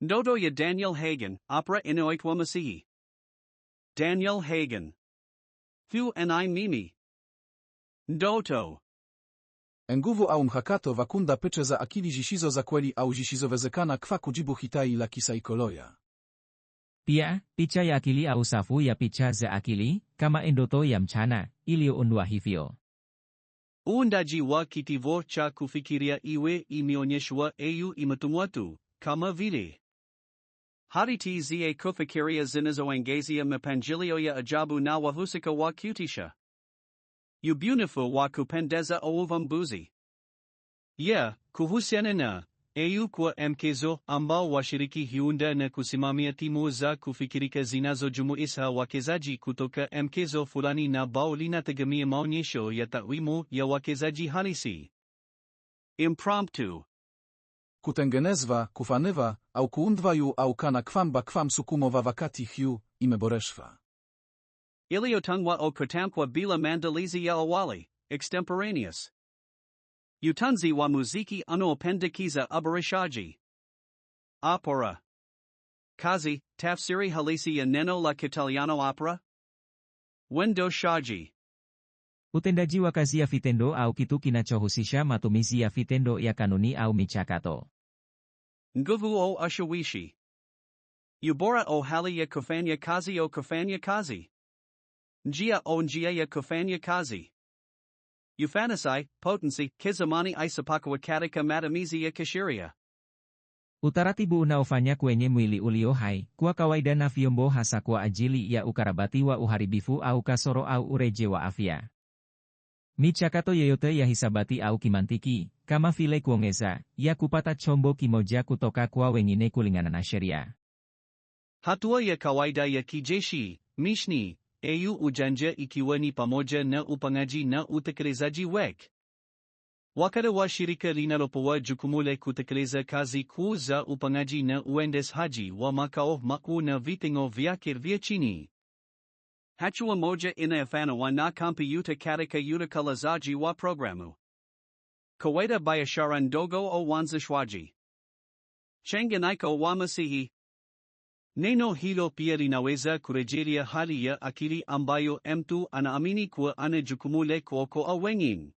Ndoto ya Daniel Hagen, opera inoitwa masihi. Daniel Hagen. Thu I mimi. Ndoto. Nguvu au mhakato vakunda pycze za akili zisizo zakweli au zisizowezekana kwa kujibu hitai la kisaikolojia. Pia, picha ya akili au safu ya picha za akili, kama ndoto ya mchana, iliyoundwa hivyo. Uundaji wa kitivo cha kufikiria iwe imeonyeshwa au imetumwa tu, kama vile Haditi za kufikiria zinazoangazia mipangilio ya ajabu na wahusika wa kutisha. Ubunifu wa kupendeza au uvumbuzi. Ya, kuhusiana na au kwa mkezo ambao washiriki hiunda na kusimamia timu za kufikirika zinazojumuisha wakezaji kutoka mkezo fulani na bao linategemea maonyesho ya takwimu ya wakezaji halisi. Impromptu kutengenezwa, kufanywa, au kuundwaju au kana kwamba kwam sukumowa wakati hiu, imeboreszwa. Iliotungwa o kutampwa bila mandalizi ya awali, extemporaneous. Utunzi wa muziki unaopendekiza uboreshaji. Opera. Kazi, tafsiri halisi ya neno la Kitaliano opera? shaji. Utendaji wa kazi ya vitendo au kitu kinachohusisha matumizi ya vitendo ya kanuni au michakato. Nguvu o ushawishi. Yubora o hali ya kufanya kazi o kufanya kazi. Njia o njia ya kufanya kazi. Ufanisi, potency, kizamani Isapakwa katika Matamizi ya Kishiria. kisheria. Utaratibu unaofanya kwenye mwili ulio hai, kwa kawaida na vyombo hasa kwa ajili ya ukarabati wa uharibifu au kasoro au ureje wa afya. Michakato yoyote ya hisabati au kimantiki, kama vile kuongeza ya kupata chombo kimoja kutoka kwa wengine kulingana na sheria. Hatua ya kawaida ya kijeshi mishni au ujanja ikiwa ni pamoja na upangaji na utekelezaji wake. Wakala wa shirika linalopewa jukumu la kutekeleza kazi kuu za upangaji na uendeshaji wa makao makuu na vitengo vyake vya chini. Hatua moja inayofanywa na kompyuta katika utekelezaji wa programu. Kawaida biashara Dogo O wanzishwaji. Changanaiko wa Masihi. Neno hilo pia linaweza kurejelea hali ya akili ambayo mtu anaamini kuwa ana jukumu la kuokoa wengine.